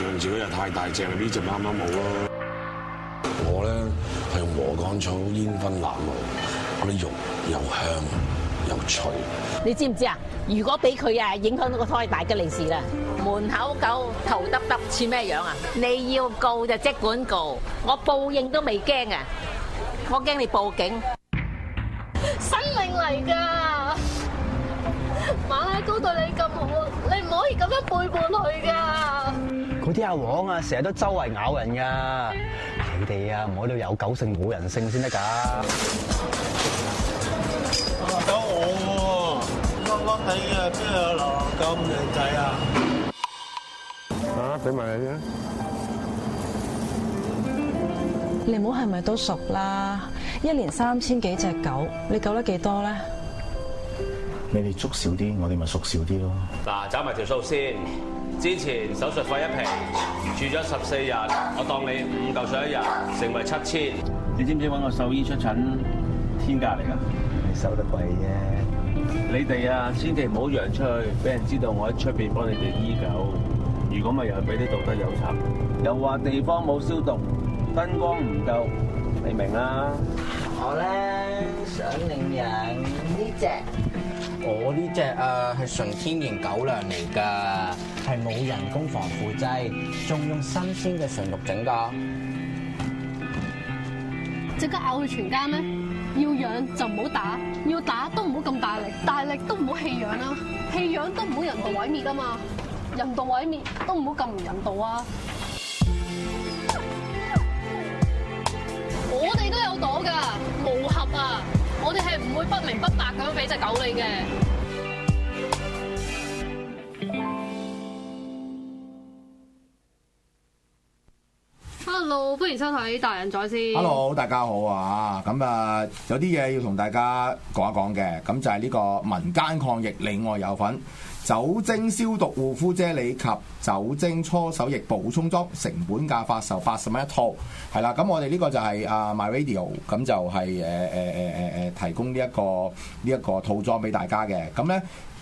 上自己又太大隻啦，呢隻啱啱好咯。我咧係用禾稈草煙燻藍牛，嗰啲肉又香又脆。你知唔知啊？如果俾佢啊影響到個胎大吉利是啦。門口狗頭耷耷似咩樣啊？你要告就即管告，我報應都未驚啊！我驚你報警。生命嚟㗎，馬拉糕對你咁好，你唔可以咁樣背叛佢㗎。嗰啲阿黃啊，成日都周圍咬人噶。你哋啊，唔好都有狗性冇人性先得噶。找我，光光地啊，邊有流浪狗咁靚仔啊？啊，俾埋你先。你冇係咪都熟啦？一年三千幾隻狗，你救得幾多咧？你哋捉少啲，我哋咪熟少啲咯。嗱，找埋條數先。之前手術費一皮，住咗十四日，我當你五嚿水一日，成為七千。你知唔知揾個獸醫出診，天價嚟噶，你收得貴啫。你哋啊，千祈唔好揚出去，俾人知道我喺出邊幫你哋醫狗。如果咪又係俾啲道德有差，又話地方冇消毒，燈光唔夠，你明啦。我咧想領養呢隻。我呢隻誒係純天然狗糧嚟噶，係冇人工防腐劑，仲用新鮮嘅純肉整噶。即刻咬佢全家咩？要養就唔好打，要打都唔好咁大力，大力都唔好棄養啦，棄養都唔好人道毀滅吖嘛，人道毀滅都唔好咁唔人道啊！我哋都有朵噶，無合啊！我哋係唔會不明不白咁樣俾隻狗你嘅。hello，歡迎收睇達仁在線。hello，大家好啊，咁啊有啲嘢要同大家講一講嘅，咁就係呢個民間抗疫，另外有份酒精消毒護膚啫喱及酒精搓手液補充裝，成本價發售八十蚊一套，係啦，咁我哋呢個就係啊 MyRadio，咁就係誒誒誒誒誒提供呢一個呢一個套裝俾大家嘅，咁咧。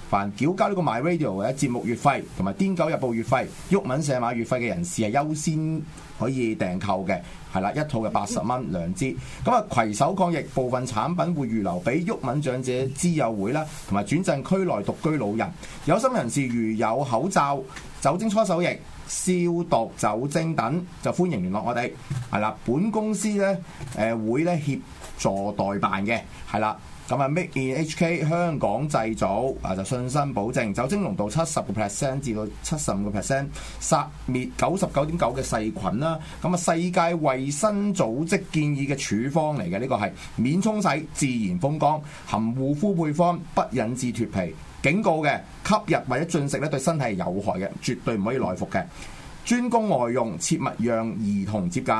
凡繳交呢個 My Radio 嘅節目月費同埋《癲狗日報》月費、毓民社碼月費嘅人士係優先可以訂購嘅，係啦，一套嘅八十蚊兩支。咁啊，携手抗疫，部分產品會預留俾毓民長者之友會啦，同埋轉贈區內獨居老人。有心人士如有口罩、酒精搓手液、消毒酒精等，就歡迎聯絡我哋。係啦，本公司咧誒會咧協助代辦嘅，係啦。咁啊，Make in HK 香港製造啊，就信心保證，酒精濃度七十個 percent 至到七十五個 percent，殺滅九十九點九嘅細菌啦。咁啊，世界衞生組織建議嘅處方嚟嘅，呢個係免沖洗，自然風乾，含護膚配方，不引致脱皮。警告嘅吸入或者進食呢對身體係有害嘅，絕對唔可以內服嘅。專供外用，切勿讓兒童接近。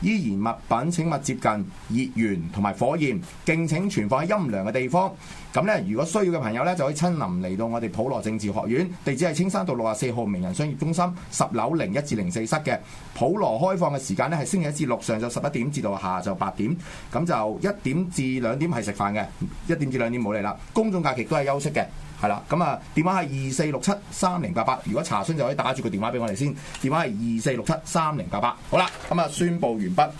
易燃物品請勿接近熱源同埋火焰，敬請存放喺陰涼嘅地方。咁呢，如果需要嘅朋友呢，就可以親臨嚟到我哋普羅政治學院，地址係青山道六十四號名人商業中心十樓零一至零四室嘅普羅。開放嘅時間呢，係星期一至六上晝十一點至到下晝八點，咁就一點至兩點係食飯嘅，一點至兩點冇嚟啦。公眾假期都係休息嘅。係啦，咁啊，電話係二四六七三零八八，如果查詢就可以打住個電話俾我哋先，電話係二四六七三零八八，好啦，咁啊，宣佈完畢。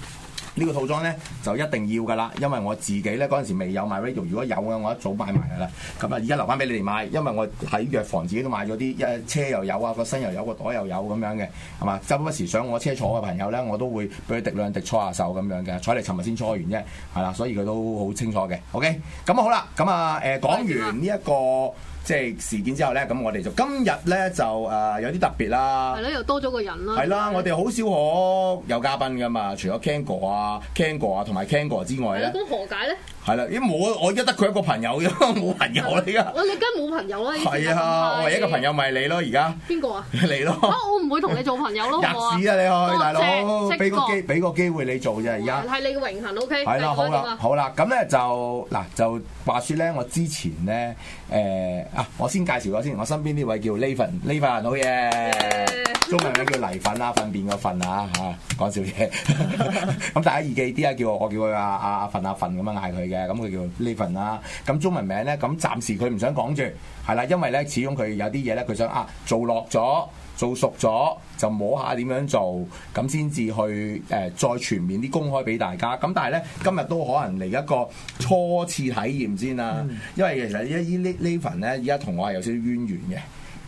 呢個套裝呢，就一定要㗎啦，因為我自己呢，嗰陣時未有買 ready，如果有嘅我一早買埋㗎啦。咁啊，而家留翻俾你哋買，因為我喺藥房自己都買咗啲，一車又有啊，個身又有個袋又有咁樣嘅，係嘛？周不時上我車坐嘅朋友呢，我都會俾佢滴兩滴搓下手咁樣嘅，坐嚟尋日先搓完啫，係啦，所以佢都好清楚嘅。OK，咁啊好啦，咁啊誒講完呢一個。即係事件之後咧，咁我哋就今日咧就誒有啲特別啦。係咯，又多咗個人啦。係啦了，了我哋好少可有嘉賓㗎嘛，除咗 Kango 啊、Kango 啊同埋 Kango 之外咧。咁何解咧？係啦，依我我而家得佢一個朋友啫，冇朋友啦而家。我你梗係冇朋友啦。係啊，我唯一嘅朋友咪你咯，而家。邊個啊？你咯。我唔會同你做朋友咯。弱智啊！你去大佬，俾個機俾個機會你做啫，而家。係你嘅榮幸，OK？係啦，好啦，好啦，咁咧就嗱就話説咧，我之前咧誒啊，我先介紹咗先，我身邊呢位叫 Nathan，Nathan 好嘢。中文名叫泥粉啦，糞便個糞啊嚇，講笑嘢。咁大家易記，啲啊，叫我叫，叫佢阿阿阿糞阿糞咁樣嗌佢嘅，咁佢叫呢份啦。咁中文名咧，咁暫時佢唔想講住，係啦，因為咧，始終佢有啲嘢咧，佢想啊做落咗，做熟咗，就摸下點樣做，咁先至去誒、呃、再全面啲公開俾大家。咁但係咧，今日都可能嚟一個初次體驗先啦、啊，因為其實依依呢呢糞咧，依家同我係有少少淵源嘅。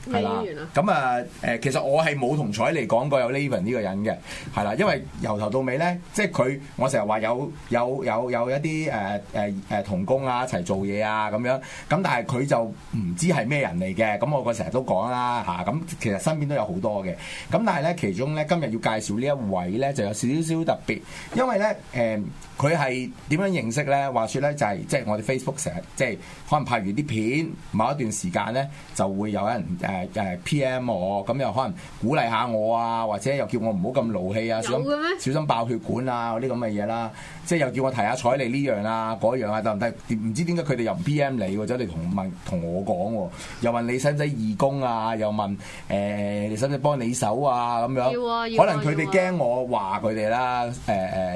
係啦，咁啊，誒、嗯，其實我係冇同采妮講過有 Nathan 呢個人嘅，係啦，因為由頭到尾咧，即係佢，我成日話有有有有一啲誒誒誒同工啊一齊做嘢啊咁樣，咁但係佢就唔知係咩人嚟嘅，咁、嗯、我個成日都講啦嚇，咁、啊、其實身邊都有好多嘅，咁但係咧，其中咧，今日要介紹呢一位咧，就有少，少少特別，因為咧誒佢係點樣認識咧？話說咧就係即係我哋 Facebook 成日即係、即係、可能拍完啲片，某一段時間咧就會有人，啊誒誒 P.M. 我咁又可能鼓勵下我啊，或者又叫我唔好咁勞氣啊，小心爆血管啊嗰啲咁嘅嘢啦，即係又叫我提下彩你呢樣啊嗰樣啊得唔得？唔知點解佢哋又唔 P.M. 你或者你同問同我講喎，又問你使唔使義工啊，又問誒你使唔使幫你手啊咁樣，可能佢哋驚我話佢哋啦誒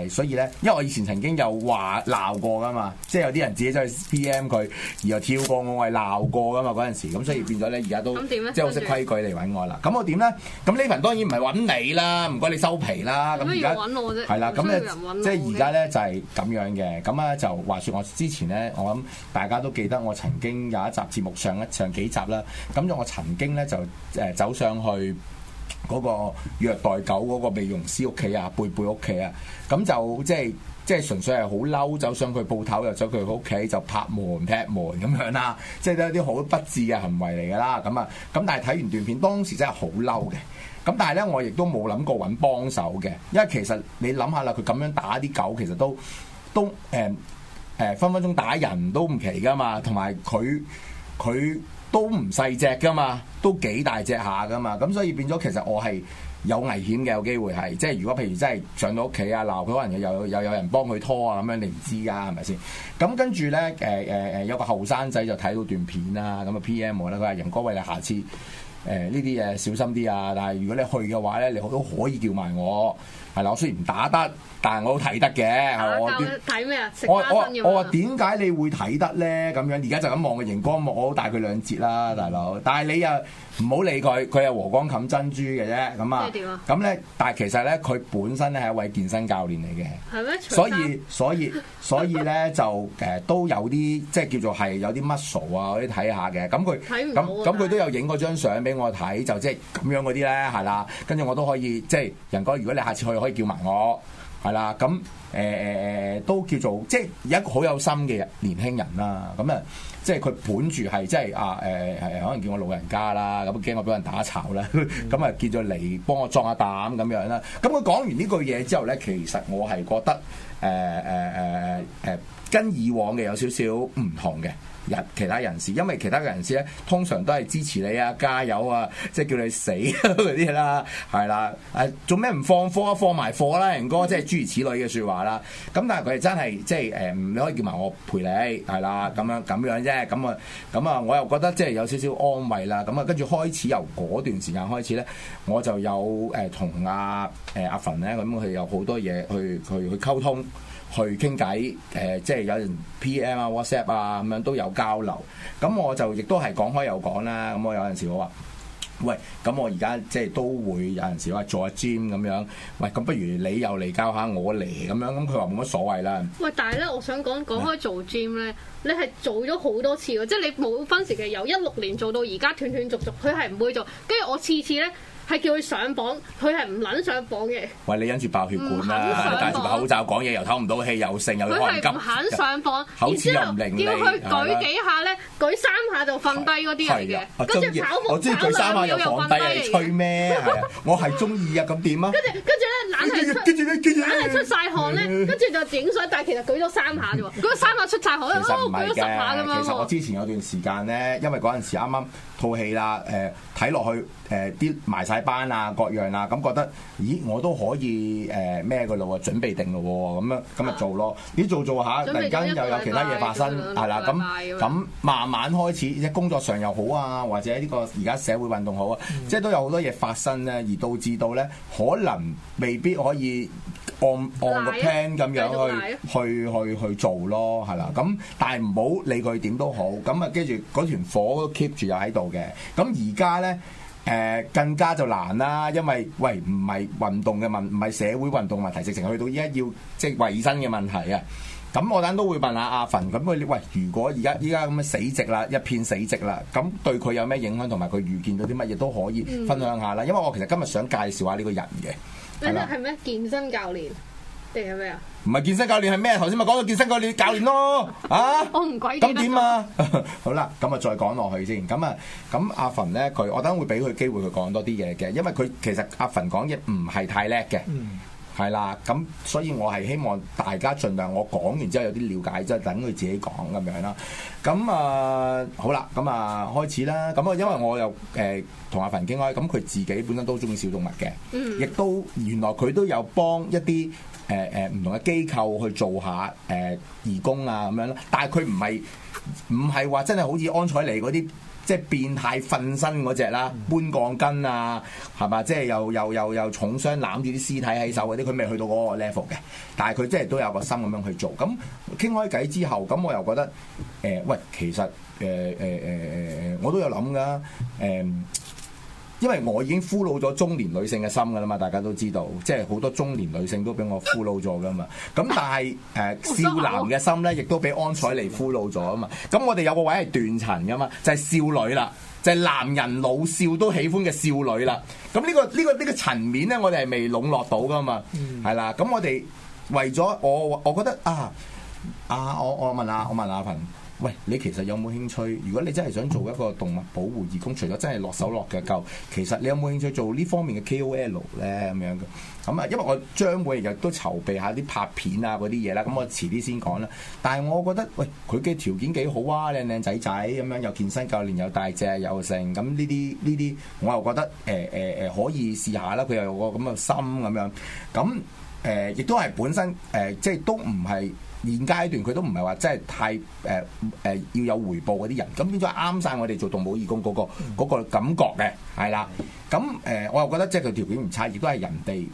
誒，所以咧，因為我以前曾經又話鬧過噶嘛，即係有啲人自己走去 P.M. 佢，然後又跳過我係鬧過噶嘛嗰陣時，咁所以變咗咧而家都。即係好識規矩嚟揾我啦，咁我點咧？咁呢份當然唔係揾你啦，唔該你收皮啦。咁而家揾我啫，係啦。咁咧，即係而家咧就係咁樣嘅。咁啊，就話説我之前咧，我諗大家都記得我曾經有一集節目上一上幾集啦。咁我曾經咧就誒走上去嗰個虐待狗嗰個美容師屋企啊，貝貝屋企啊，咁就即係。即係純粹係好嬲，走上佢鋪頭，入咗佢屋企就拍門、踢門咁樣啦，即係都有啲好不智嘅行為嚟㗎啦。咁啊，咁但係睇完段片，當時真係好嬲嘅。咁但係呢，我亦都冇諗過揾幫手嘅，因為其實你諗下啦，佢咁樣打啲狗，其實都都誒誒、呃呃、分分鐘打人都唔奇㗎嘛，同埋佢佢都唔細隻㗎嘛，都幾大隻下㗎嘛，咁所以變咗其實我係。有危險嘅有機會係，即係如果譬如真係上到屋企啊鬧佢，可能又又有，有，有人幫佢拖啊咁樣你，你唔知㗎係咪先？咁跟住咧，誒誒誒有個後生仔就睇到段片啦，咁啊 PM 我啦，佢話：仁哥，喂，你下次誒呢啲嘢小心啲啊！但係如果你去嘅話咧，你都可以叫埋我係啦。我雖然唔打得，但係我都睇得嘅。睇咩啊？我我我話點解你會睇得咧？咁樣而家就咁望個熒光幕，我好大佢兩截啦，大佬。但係你又～唔好理佢，佢係和光冚珍珠嘅啫，咁啊，咁咧，但係其實咧，佢本身咧係一位健身教練嚟嘅，係咩？所以所以所以咧就誒、呃、都有啲即係叫做係有啲 muscle 啊可以睇下嘅，咁佢咁咁佢都有影過張相俾我睇，就即係咁樣嗰啲咧係啦，跟住我都可以即係仁哥，如果你下次去可以叫埋我。係啦，咁誒誒誒都叫做即係一個好有心嘅年輕人啦，咁啊即係佢本住係即係啊誒係可能叫我老人家啦，咁驚我俾人打炒啦，咁啊叫咗嚟幫我壯下膽咁樣啦，咁佢講完呢句嘢之後咧，其實我係覺得誒誒誒誒跟以往嘅有少少唔同嘅人，其他人士，因為其他嘅人士咧，通常都係支持你啊，加油啊，即係叫你死嗰啲 啦，係啦，誒做咩唔放火啊，放埋火啦、啊，人哥，即係諸如此類嘅説話啦。咁但係佢哋真係即係誒、呃，你可以叫埋我陪你係啦，咁樣咁樣啫。咁啊，咁啊，我又覺得即係有少少安慰啦。咁啊，跟住開始由嗰段時間開始咧，我就有誒同阿誒阿馮咧，咁、呃、佢、呃呃呃呃呃呃呃、有好多嘢去去去，去溝通，通。去傾偈，誒、呃，即係有人 PM 啊、WhatsApp 啊咁樣都有交流。咁我就亦都係講開又講啦。咁我有陣時我話：喂，咁我而家即係都會有陣時話做下 gym 咁樣。喂，咁不如你又嚟教下我嚟咁樣。咁佢話冇乜所謂啦。喂，但係咧，我想講講開做 gym 咧，哎、你係做咗好多次喎，即係你冇分時期，由一六年做到而家斷斷續續，佢係唔會做。跟住我次次咧。係叫佢上磅，佢係唔撚上磅嘅。喂，你忍住爆血管啦！戴住個口罩講嘢，又唞唔到氣，又盛，又開金，口齒又唔靈俐。點叫佢舉幾下咧？舉三下就瞓低嗰啲嚟嘅。跟住跑步，舉三下又瞓低嚟。吹咩？我係中意啊！咁點啊？跟住，跟住咧，懶係出，懶係出曬汗咧。跟住就影相，但係其實舉咗三下啫喎。舉三下出曬汗，其實唔係嘅。其實我之前有段時間咧，因為嗰陣時啱啱套戲啦，誒睇落去誒啲埋曬。大班啊，各樣啊，咁覺得，咦，我都可以誒咩嘅咯喎，準備定咯喎，咁樣咁咪做咯。啲做做下，突然間又有其他嘢發生，係啦，咁咁慢慢開始，即係工作上又好啊，或者呢個而家社會運動好啊，即係都有好多嘢發生咧，而導致到咧，可能未必可以按按個 plan 咁樣去去去去做咯，係啦。咁但係唔好理佢點都好，咁啊跟住嗰團火都 keep 住又喺度嘅，咁而家咧。誒、呃、更加就難啦，因為喂唔係運動嘅問題，唔係社會運動問題，直情去到依家要即係衞生嘅問題啊！咁我等都會問，問下阿馮，咁佢喂，如果而家依家咁嘅死寂啦，一片死寂啦，咁對佢有咩影響，同埋佢遇見到啲乜嘢都可以分享下啦。因為我其實今日想介紹下呢個人嘅，係咩、嗯、啦健身教練定係咩啊？唔係健身教練係咩？頭先咪講到健身教練教練咯，啊！ 我唔鬼咁點啊？啊 好啦，咁啊再講落去先。咁啊，咁阿馮咧，佢我等會俾佢機會佢講多啲嘢嘅，因為佢其實阿馮講嘢唔係太叻嘅。嗯係啦，咁所以我係希望大家盡量我講完之後有啲了解，即係等佢自己講咁樣啦。咁啊好啦，咁啊開始啦。咁啊因為我又誒同、呃、阿馮景開，咁佢自己本身都中意小動物嘅，亦、嗯、都原來佢都有幫一啲誒誒唔同嘅機構去做下誒、呃、義工啊咁樣啦。但係佢唔係唔係話真係好似安采妮嗰啲。即係變態瞓身嗰隻啦，搬鋼筋啊，係嘛？即係又又又又重傷攬住啲屍體喺手嗰啲，佢未去到嗰個 level 嘅，但係佢即係都有個心咁樣去做。咁傾開偈之後，咁我又覺得，誒、欸、喂，其實誒誒誒誒我都有諗㗎。欸因為我已經俘虜咗中年女性嘅心噶啦嘛，大家都知道，即係好多中年女性都俾我俘虜咗噶嘛。咁但係誒，呃、傷少男嘅心咧，亦都俾安采妮俘虜咗啊嘛。咁我哋有個位係斷層噶嘛，就係少女啦，就係男人老少都喜歡嘅少女啦。咁呢個呢個呢個層面咧，我哋係未籠絡到噶嘛，係、嗯、啦。咁我哋為咗我，我覺得啊，啊我我問下我問下阿喂，你其實有冇興趣？如果你真係想做一個動物保護義工，除咗真係落手落腳夠，其實你有冇興趣做呢方面嘅 KOL 咧？咁樣嘅咁啊，因為我將會日都籌備下啲拍片啊嗰啲嘢啦，咁我遲啲先講啦。但係我覺得，喂，佢嘅條件幾好啊，靚靚仔仔咁樣，又健身教練，又大隻，又成。咁呢啲呢啲，我又覺得誒誒誒，可以試下啦。佢又有個咁嘅心咁樣，咁誒、呃，亦都係本身誒、呃，即係都唔係。現階段佢都唔係話真係太誒誒、呃呃、要有回報嗰啲人，咁變咗啱晒我哋做動保義工嗰、嗰個嗯、個感覺嘅，係啦。咁誒、呃，我又覺得即係佢條件唔差，亦都係人哋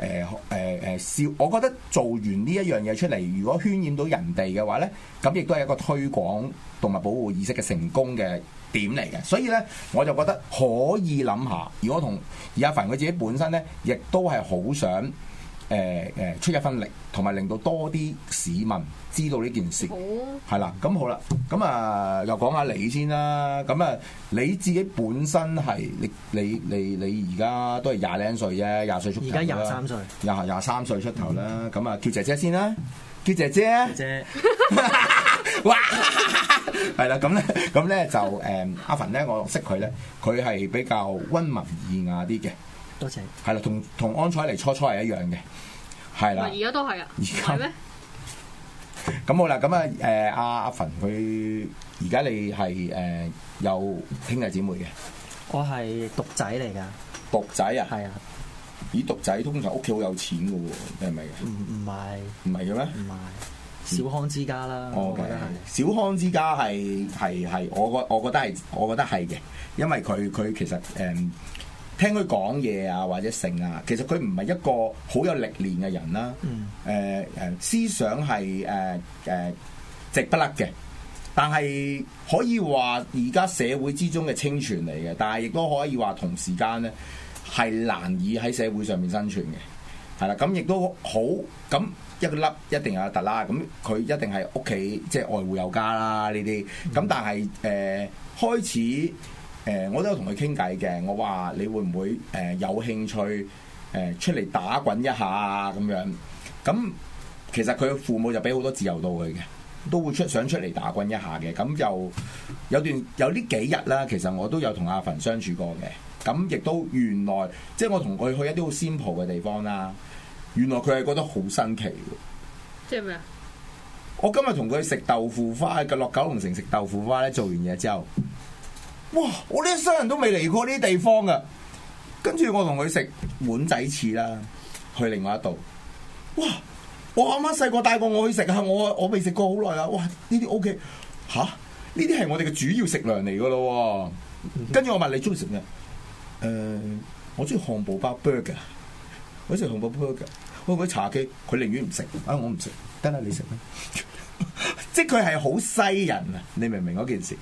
誒誒誒笑。我覺得做完呢一樣嘢出嚟，如果渲染到人哋嘅話咧，咁亦都係一個推廣動物保護意識嘅成功嘅點嚟嘅。所以咧，我就覺得可以諗下，如果同而家凡佢自己本身咧，亦都係好想。誒誒出一分力，同埋令到多啲市民知道呢件事。好，係啦，咁好啦，咁啊又講下你先啦。咁啊，你自己本身係你你你你而家都係廿零歲啫，廿歲出頭。而家廿三歲，廿廿三歲出頭啦。咁啊，叫姐姐先啦，叫姐姐。姐姐，哇，係啦，咁咧，咁咧就誒，阿凡咧，我識佢咧，佢係比較温文爾雅啲嘅。多謝，謝。係啦，同同安采妮初初係一樣嘅，係啦。而家都係啊，係咩在？咁好啦，咁啊誒阿阿馮佢而家你係誒、呃、有兄弟姊妹嘅？我係獨仔嚟㗎。獨仔啊？係啊的。咦，獨仔通常屋企好有錢嘅喎，你係咪？唔唔係。唔係嘅咩？唔係。小康之家啦，我覺得係。Okay, 的小康之家係係係，我覺我覺得係我覺得係嘅，因為佢佢其實誒。嗯嗯聽佢講嘢啊，或者成啊，其實佢唔係一個好有歷練嘅人啦。誒誒，思想係誒誒直不甩嘅，但係可以話而家社會之中嘅清泉嚟嘅，但係亦都可以話同時間咧係難以喺社會上面生存嘅。係啦，咁亦都好，咁一粒一定有得啦，咁佢一定係屋企即係愛護有加啦，呢啲咁，但係誒開始。誒，我都有同佢傾偈嘅，我話你會唔會誒有興趣誒出嚟打滾一下咁樣？咁其實佢嘅父母就俾好多自由到佢嘅，都會出想出嚟打滾一下嘅。咁又有段有呢幾日啦，其實我都有同阿馮相處過嘅。咁亦都原來，即係我同佢去一啲好仙婆嘅地方啦。原來佢係覺得好新奇嘅。即係咩啊？我今日同佢食豆腐花，嘅落九龍城食豆腐花咧，做完嘢之後。哇！我呢一生人都未嚟過呢啲地方啊。跟住我同佢食碗仔翅啦，去另外一度。哇！我阿媽細個帶過我去食啊，我我未食過好耐啦。哇！呢啲 O K 吓，呢啲係我哋嘅主要食糧嚟噶咯。跟住我問你中意食咩？誒、嗯哼，我中意漢堡包 burger 嘅，我食漢堡 burger 嘅。喂喂，茶記佢寧願唔食，啊我唔食，得啦你食咩？即係佢係好西人啊！你明唔明嗰件事？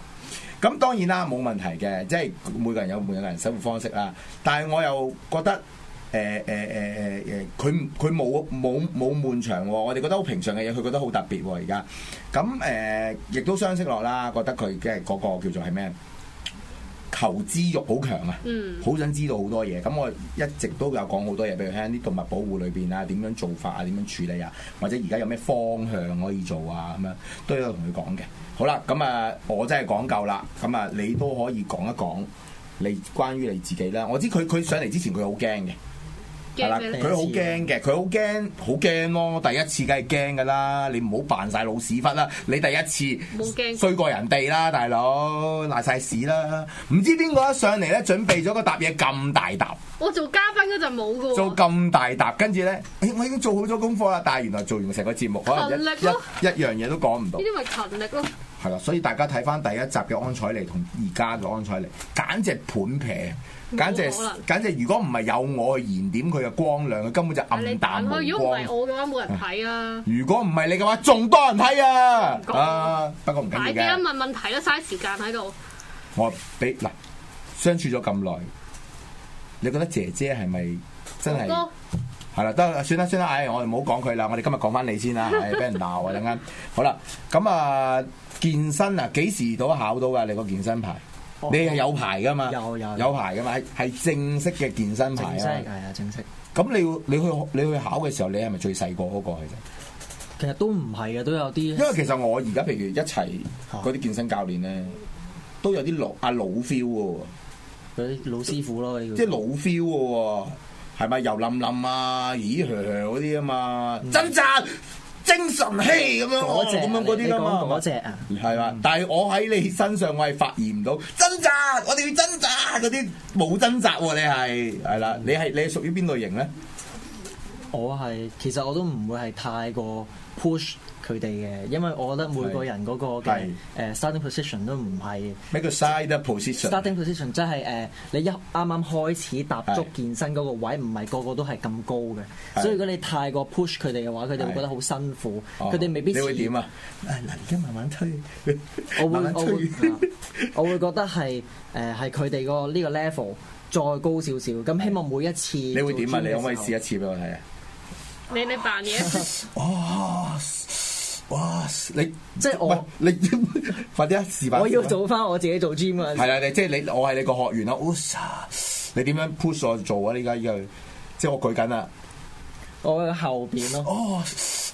咁當然啦，冇問題嘅，即係每個人有每個人生活方式啦。但係我又覺得，誒誒誒誒誒，佢佢冇冇冇悶場喎、哦。我哋覺得好平常嘅嘢，佢覺得好特別喎、哦。而家咁誒，亦都相識落啦，覺得佢嘅嗰個叫做係咩？投資欲好強啊，好想知道好多嘢。咁我一直都有講好多嘢，譬如聽啲動物保護裏邊啊，點樣做法啊，點樣處理啊，或者而家有咩方向可以做啊，咁樣都有同佢講嘅。好啦，咁啊，我真係講夠啦。咁啊，你都可以講一講你關於你自己啦。我知佢佢上嚟之前佢好驚嘅。係啦，佢好驚嘅，佢好驚，好驚咯！第一次梗係驚噶啦，你唔好扮晒老屎忽啦！你第一次冇驚衰過人哋啦，大佬瀨晒屎啦！唔知邊個一上嚟咧，準備咗個答嘢咁大沓。我做嘉賓嗰陣冇噶。做咁大沓，跟住咧，我我已經做好咗功課啦，但係原來做完成個節目，可能一一樣嘢都講唔到。呢啲咪勤力咯。係啦，所以大家睇翻第一集嘅安采妮同而家嘅安采妮，簡直判平。簡直簡直，如果唔係有我燃點，佢嘅光亮，佢根本就暗淡無光。如果唔係我嘅話，冇人睇啊！如果唔係你嘅話，仲多人睇啊！不過唔緊要。快啲啦，問問題啦，嘥時間喺度。我俾嗱相處咗咁耐，你覺得姐姐係咪真係？係啦，得，算啦，算啦，我哋唔好講佢啦，我哋今日講翻你先啦，俾人鬧啊！等間好啦，咁啊健身啊，幾時都考到㗎？你個健身牌？你係有牌噶嘛？有有有牌噶嘛？係係正式嘅健身牌啊！正式係啊，正式。咁你你去你去考嘅時候，你係咪最細個嗰個啊？其實都唔係啊，都有啲。因為其實我而家譬如一齊嗰啲健身教練咧，都有啲老阿老 feel 喎。嗰啲老師傅咯，即係老 feel 喎，係咪 油冧冧啊？咦嗰啲啊嘛，真真、嗯。精神氣咁、啊、樣，咁樣嗰啲咯，嗰隻些啊，係啦吧。嗯、但係我喺你身上，我係發現唔到掙、嗯、扎，我哋要掙扎嗰啲，冇掙扎喎、啊。你係係啦，你係你係屬於邊類型咧？我係，其實我都唔會係太過 push。佢哋嘅，因為我覺得每個人嗰個嘅誒 starting position 都唔係咩叫 side position。 starting position 即係誒， 你一啱啱開始踏足健身嗰個位個，唔係個個都係咁高嘅， 所以如果你太過 push 佢哋嘅話，佢哋 會覺得好辛苦，佢哋、哦、未必你、啊。你會點啊？嗱，而家慢慢推，慢慢推我會 我會我會， 我會覺得係誒，係佢哋個呢個 level 再高少少，咁希望每一次你會點啊？你可唔可以試一次俾我睇啊？你你扮嘢。哇！你即係我，你快啲啊！示範我要做翻我自己做 gym 啊！係啊，你即係你，我係你個學員啊！你點樣 push 我做啊？依家要，即係我舉緊啦，我喺後邊咯。哦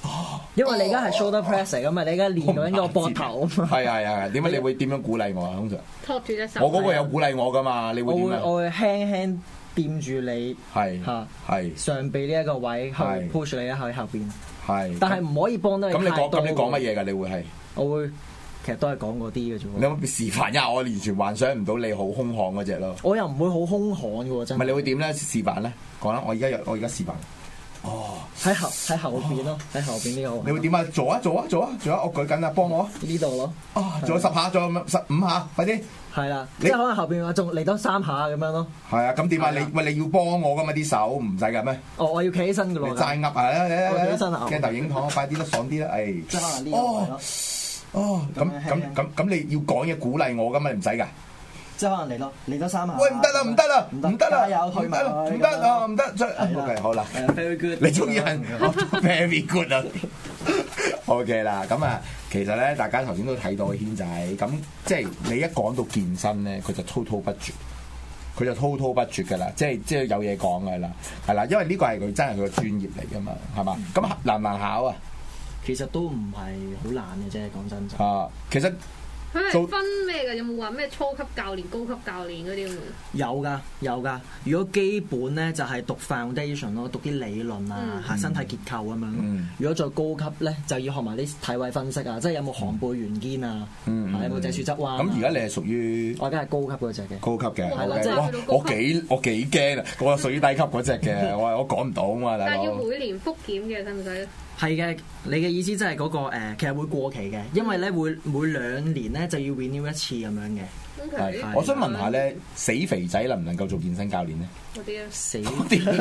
哦，因為你而家係 shoulder press 嚟噶嘛，你而家練緊個膊頭。係啊係啊，點解你會點樣鼓勵我啊？通常，托住隻手。我嗰個有鼓勵我噶嘛？你會我會輕輕掂住你，係係上臂呢一個位去 push 你一下喺後邊。係，但係唔可以幫到你，你。咁你講咁你講乜嘢㗎？你會係我會，其實都係講嗰啲嘅啫。你有冇示範一下？我完全幻想唔到你好兇悍嗰隻咯。我又唔會好兇悍嘅喎，真係。你會點咧？示範咧，講啦！我而家我而家示範。哦，喺後喺後邊咯，喺後邊呢個你會點啊？做啊做啊做啊，做啊我舉緊啊，幫我呢度咯。啊，做咗十下，仲有十五下，快啲！係啦，你可能後邊話，仲嚟多三下咁樣咯。係啊，咁點啊？你喂你要幫我噶嘛？啲手唔使噶咩？哦，我要企起身噶喎。你齋握啊，嚟嚟嚟嚟，企起影躺，快啲啦，爽啲啦，誒，哦！哦，咁咁咁咁，你要講嘢鼓勵我噶嘛？唔使噶。即係可能嚟咯，嚟多三下。喂，唔得啦，唔得啦，唔得啦，又油去埋嘛，唔得啊，唔得樣，最。好嘅，好啦，very good，你中意啊？very good 啊。 OK 啦，咁啊，其實咧，大家頭先都睇到軒仔，咁即係你一講到健身咧，佢就滔滔不絕，佢就滔滔不絕噶啦，即係即係有嘢講噶啦，係啦，因為呢個係佢真係佢嘅專業嚟噶嘛，係嘛？ 咁難唔難考啊？其實都唔係好難嘅啫，講真。啊、嗯，其實。佢係分咩噶？有冇話咩初級教練、高級教練嗰啲？有噶，有噶。如果基本咧就係讀 foundation 咯，讀啲理論啊、下身體結構咁樣。如果再高級咧就要學埋啲體位分析啊，即係有冇寒背圓肩啊，有冇脊柱側彎啊。咁而家你係屬於？我而家係高級嗰隻嘅。高級嘅，我幾我幾驚啊！我係屬於低級嗰隻嘅，我係我講唔到啊嘛，但係要每年複檢嘅，使唔使？係嘅，你嘅意思即係嗰個誒、呃，其實會過期嘅，因為咧會每兩年咧就要 renew 一次咁樣嘅。係 Okay. 的，我想問，問下咧， 死肥仔能唔能夠做健身教練咧？嗰啲死肥仔，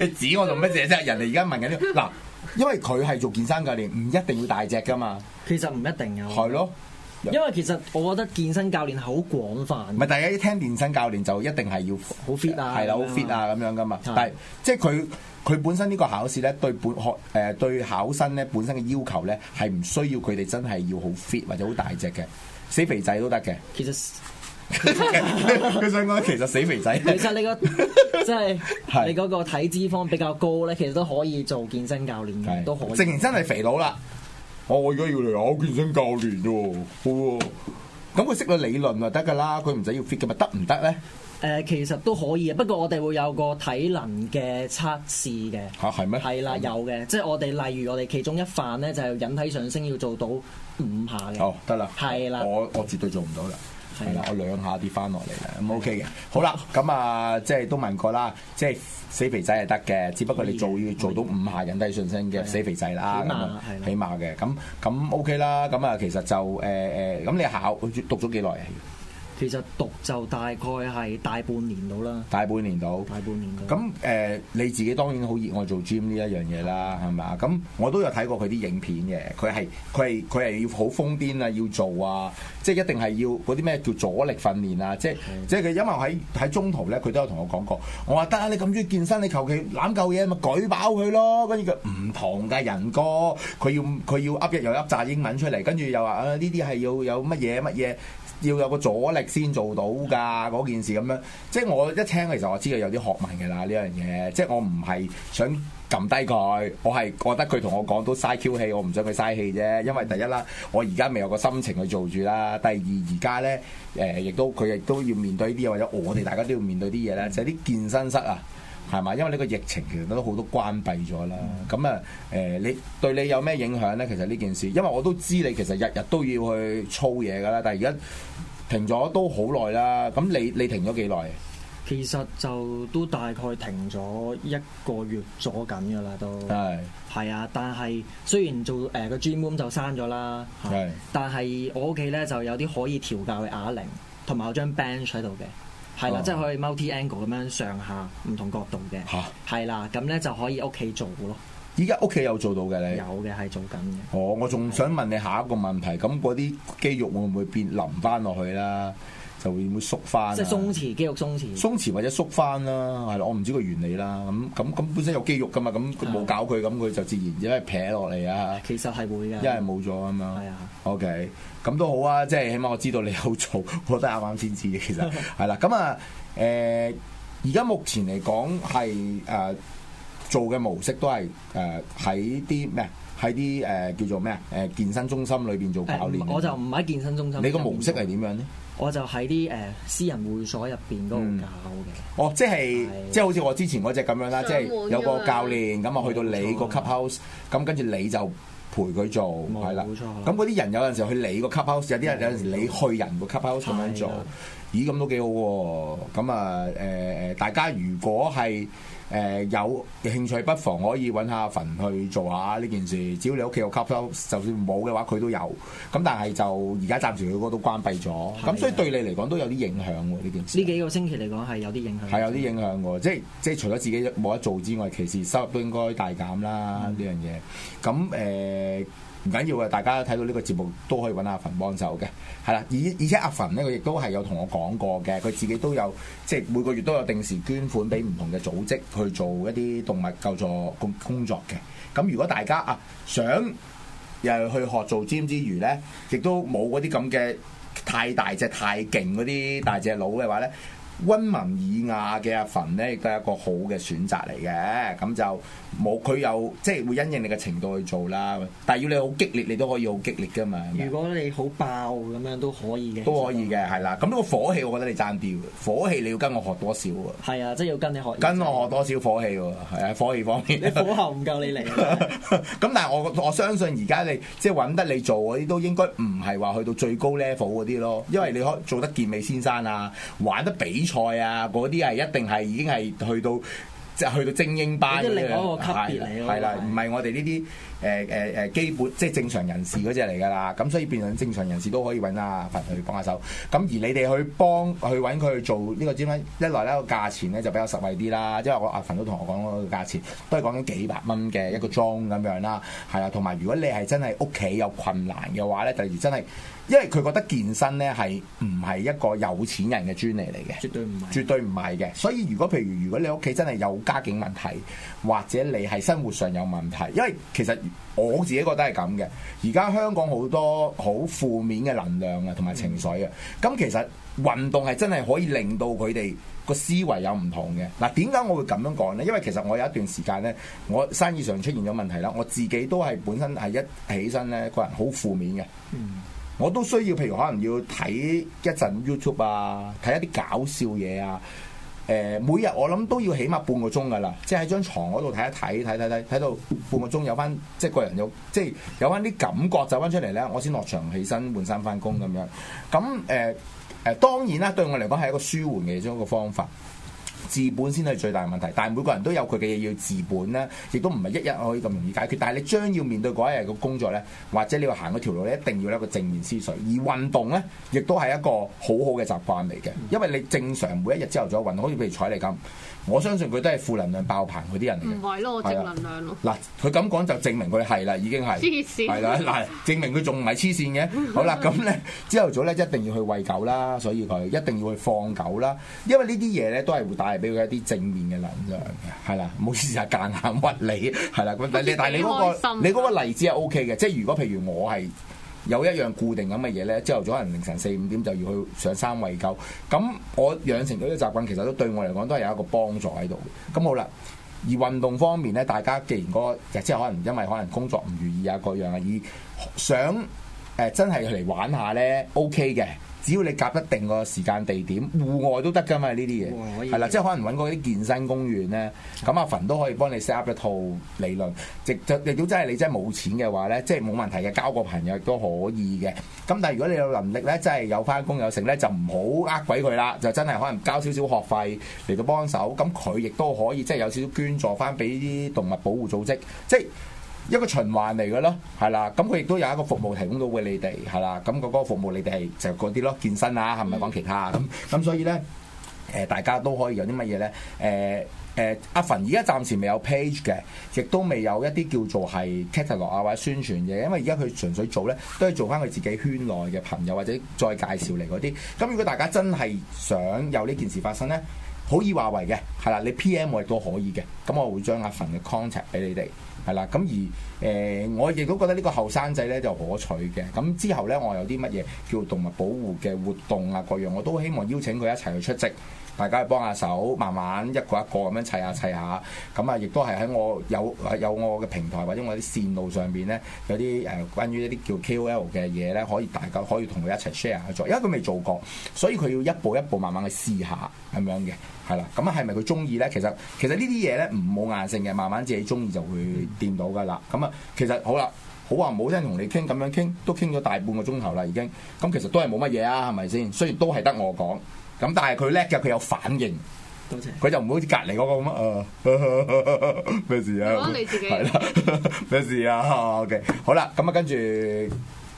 你指我做乜嘢啫？人哋而家問緊、這個，嗱，因為佢係做健身教練，唔一定要大隻噶嘛。其實唔一定嘅。係咯。 因為其實我覺得健身教練係好廣泛，唔係大家一聽健身教練就一定係要好 fit 啊，係啦錯，樣好 fit 啊咁樣噶嘛。但係即係佢佢本身呢個考試咧，對本學誒、呃、對考生咧本身嘅要求咧，係唔需要佢哋真係要好 fit 或者好大隻嘅，死肥仔都得嘅。其實佢想講，其實死肥仔，其實你個即係你個體脂肪比較高咧，其實都可以做健身教練嘅，都可以。正正真係肥佬啦。 哦、我我而家要嚟考健身教練喎、哦，咁佢識個理論咪得噶啦？佢唔使要 fit 嘅嘛，得唔得咧？誒、呃，其實都可以嘅，不過我哋會有個體能嘅測試嘅。嚇係咩？係啦，了嗎有嘅，即係我哋例如我哋其中一範咧，就係、是、引體上升要做到五下嘅。哦，得啦，係啦了，我我絕對做唔到啦。係啦，我兩下跌翻落嚟啦，咁 OK 嘅。好啦，咁啊，即係都問過啦，即係死肥仔係得嘅，只不過你做要做到五下人都係信心嘅死肥仔啦，起碼係起碼嘅，咁咁 OK 啦。咁啊，其實就誒誒，咁、欸、你考讀咗幾耐啊？其實讀就大概係大半年到啦，大半年到，大半年。咁誒、呃，你自己當然好熱愛做 gym 呢一樣嘢啦，係咪啊？咁我都有睇過佢啲影片嘅，佢係佢係佢係要好瘋癲啊，要做啊，即係一定係要嗰啲咩叫阻力訓練啊，即係即係佢因為喺喺中途咧，佢都有同我講過，我話得啊，你咁中意健身，你求其攬嚿嘢咪舉飽佢咯。跟住佢唔同嘅人哥，佢要佢要噏日又噏紮英文出嚟，跟住又話啊呢啲係要有乜嘢乜嘢要有個阻力。先做到噶嗰件事咁樣，即係我一聽，其實我知道有啲學問嘅啦呢樣嘢，即係我唔係想撳低佢，我係覺得佢同我講都嘥 Q 氣，我唔想佢嘥氣啫。因為第一啦，我而家未有個心情去做住啦。第二而家咧，誒亦、呃、都佢亦都要面對呢啲嘢，或者我哋大家都要面對啲嘢咧，就係、是、啲健身室啊，係嘛？因為呢個疫情其實都好多關閉咗啦。咁啊誒，你對你有咩影響咧？其實呢件事，因為我都知你其實日日都要去操嘢噶啦，但係而家。停咗都好耐啦，咁你你停咗幾耐？其實就都大概停咗一個月咗緊噶啦，都係係是 啊，但係雖然做誒個、呃、gym room 就刪咗啦，係是，但係我屋企咧就有啲可以調教嘅啞鈴，同埋有張 bench 喺度嘅，係啦、啊，即係是、啊、可以 multi angle 咁樣上下唔同角度嘅，係啦是、啊啊，咁咧就可以屋企做咯。依家屋企有做到嘅你有嘅係做緊嘅。哦，我仲想問你下一個問題，咁嗰啲肌肉會唔會變腍翻落去啦？就會縮翻。即係鬆弛肌肉鬆弛。鬆弛或者縮翻啦，係咯，我唔知個原理啦。咁咁咁本身有肌肉㗎嘛，咁佢冇搞佢，咁佢就自然因為平落嚟啊。其實係會㗎。因為冇咗吖嘛。係啊。OK，咁都好啊，即係起碼我知道你有做，我覺得啱啱先知。其實係啦，咁啊，誒，而家目前嚟講係誒。做嘅模式都係誒喺啲咩喺啲誒叫做咩啊？誒、呃、健身中心裏邊做教練，欸、我就唔喺健身中心。你個模式係點樣呢？我就喺啲誒私人會所入邊嗰度教嘅。哦，即係的即係好似我之前嗰隻咁樣啦，即係有個教練咁啊，去到你個 clubhouse，咁跟住你就陪佢做，係啦、啊。冇錯的。咁嗰啲人有陣時候去你個 clubhouse，有啲人有陣時你去人個 clubhouse 咁樣做，的咦咁都幾好喎、啊。咁啊誒誒，大家如果係。誒有興趣不妨可以揾下阿馮去做下呢件事，只要你屋企有吸收，ups, 就算冇嘅話佢都有。咁但係就而家暫時佢嗰度關閉咗，咁的所以對你嚟講都有啲影響喎呢件事。呢幾個星期嚟講係有啲影，影響。係有啲影響喎的，即係即係除咗自己冇得做之外，其實收入都應該大減啦呢、嗯、樣嘢。咁誒。呃唔緊要嘅，大家睇到呢個節目都可以揾阿馮幫手嘅，係啦。而而且阿馮呢，佢亦都係有同我講過嘅，佢自己都有即係、就是、每個月都有定時捐款俾唔同嘅組織去做一啲動物救助工工作嘅。咁如果大家啊想又去學做 gym 之餘呢，亦都冇嗰啲咁嘅太大隻、太勁嗰啲大隻佬嘅話呢。溫文爾雅嘅阿馮咧，亦都係一個好嘅選擇嚟嘅。咁就冇佢有，有，即係會因應你嘅程度去做啦。但係要你好激烈，你都可以好激烈噶嘛。如果你好爆咁樣都可以嘅。都可以嘅，係啦。咁呢個火氣，我覺得你爭啲。火氣你要跟我學多少喎？係啊，即係要跟你學。跟我學多少火氣喎？係啊，火氣方面。你火候唔夠你，你嚟。 咁但係我我相信而家你即係揾得你做嗰啲，都應該唔係話去到最高 level 嗰啲咯。因為你可做得健美先生啊，玩得比。 菜啊，嗰啲係一定係已經係去到即係去到精英班嘅另外一個級別嚟，係啦，唔係我哋呢啲。誒誒誒，基本即係正常人士嗰隻嚟㗎啦，咁所以變成正常人士都可以揾阿馮去幫下手。咁而你哋去幫去揾佢去做呢個諮詢，一來咧個價錢呢就比較實惠啲啦，因為我阿馮都同我講嗰個價錢，都係講緊幾百蚊嘅一個鐘咁樣啦，係啊。同埋如果你係真係屋企有困難嘅話呢，第二真係，因為佢覺得健身呢係唔係一個有錢人嘅專利嚟嘅，絕對唔係，絕對唔係嘅。所以如果譬如如果你屋企真係有家境問題，或者你係生活上有問題，因為其實。我自己覺得係咁嘅，而家香港好多好負面嘅能量啊，同埋情緒啊。咁、嗯、其實運動係真係可以令到佢哋個思維有唔同嘅。嗱，點解我會咁樣講呢？因為其實我有一段時間呢，我生意上出現咗問題啦，我自己都係本身係一起身呢個人好負面嘅。我都需要譬如可能要睇一陣 YouTube 啊，睇一啲搞笑嘢啊。誒每日我諗都要起碼半個鐘㗎啦，即係喺張床嗰度睇一睇，睇睇睇，睇到半個鐘有翻，即係個人有，即係有翻啲感覺走翻出嚟咧，我先落床起身換衫翻工咁樣。咁誒誒當然啦，對我嚟講係一個舒緩嘅其中一個方法。治本先係最大問題，但係每個人都有佢嘅嘢要治本啦，亦都唔係一日可以咁容易解決。但係你將要面對嗰一日嘅工作咧，或者你要行嗰條路，你一定要有一個正面思緒。而運動咧，亦都係一個好好嘅習慣嚟嘅，因為你正常每一日朝頭早有運動，好似譬如采妮咁。我相信佢都係負能量爆棚嗰啲人嚟嘅，唔係咯，我正能量咯。嗱，佢咁講就證明佢係啦，已經係。黐線。係啦，嗱，證明佢仲唔係黐線嘅。 好啦，咁咧，朝頭早咧一定要去餵狗啦，所以佢一定要去放狗啦。因為呢啲嘢咧都係會帶嚟俾佢一啲正面嘅能量嘅。係啦，唔好意思啊夾硬屈你，係啦。 但係你嗰、嗰個， 你嗰個例子係 OK 嘅，即係如果譬如我係。有一樣固定咁嘅嘢呢，朝頭早可能凌晨四五點就要去上山餵狗，咁我養成咗啲習慣，其實都對我嚟講都係有一個幫助喺度嘅。咁好啦，而運動方面呢，大家既然嗰日即係可能因為可能工作唔如意啊，各樣啊，而想誒真係嚟玩下呢，OK 嘅。OK。只要你夾得定個時間地點，戶外都得㗎嘛呢啲嘢，係啦、哦，即係可能揾嗰啲健身公園呢，咁、嗯、阿馮都可以幫你 set up 一套理論。直就如果真係你真係冇錢嘅話呢，即係冇問題嘅，交個朋友亦都可以嘅。咁但係如果你有能力呢，真係有翻工有食呢，就唔好呃鬼佢啦。就真係可能交少少學費嚟到幫手，咁佢亦都可以即係有少少捐助翻俾啲動物保護組織，即係。一個循環嚟嘅咯，係啦，咁佢亦都有一個服務提供到俾你哋，係啦，咁嗰個服務你哋就嗰啲咯，健身啊，係咪講其他咁？咁所以咧，誒、呃、大家都可以有啲乜嘢咧？誒、呃、誒、呃，阿馮而家暫時未有 page 嘅，亦都未有一啲叫做係 catalog 啊或者宣傳嘅，因為而家佢純粹做咧都係做翻佢自己圈內嘅朋友或者再介紹嚟嗰啲。咁如果大家真係想有呢件事發生咧，好易話為嘅，係啦，你 PM 我亦都可以嘅，咁我會將阿馮嘅 contact 俾你哋。係啦，咁而。誒、呃，我亦都覺得個呢個後生仔咧就可取嘅。咁之後咧，我有啲乜嘢叫動物保護嘅活動啊，各樣我都希望邀請佢一齊去出席。大家去幫下手，慢慢一個一個咁樣砌下砌下。咁啊，亦都係喺我有有我嘅平台或者我啲線路上邊咧，有啲誒關於一啲叫 KOL 嘅嘢咧，可以大家可以同佢一齊 share 去做，因為佢未做過，所以佢要一步一步慢慢去試下咁樣嘅，係啦。咁啊，係咪佢中意咧？其實其實呢啲嘢咧唔冇硬性嘅，慢慢自己中意就會掂到㗎啦。咁啊～其實好啦，好話唔好聽，同你傾咁樣傾，都傾咗大半個鐘頭啦，已經。咁其實都係冇乜嘢啊，係咪先？雖然都係得我講，咁但係佢叻嘅，佢有反應。多謝，謝。佢就唔好似隔籬嗰個咁樣啊。咩、啊啊啊、事啊？講你，你自己。係啦。咩、啊、事啊？O K，好啦，咁啊，OK，跟住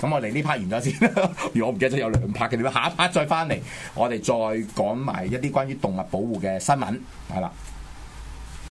咁我哋呢 part 完咗先。 如果我唔記得咗有兩 part 嘅，咁下一 part 再翻嚟，我哋再講埋一啲關於動物保護嘅新聞。係啦。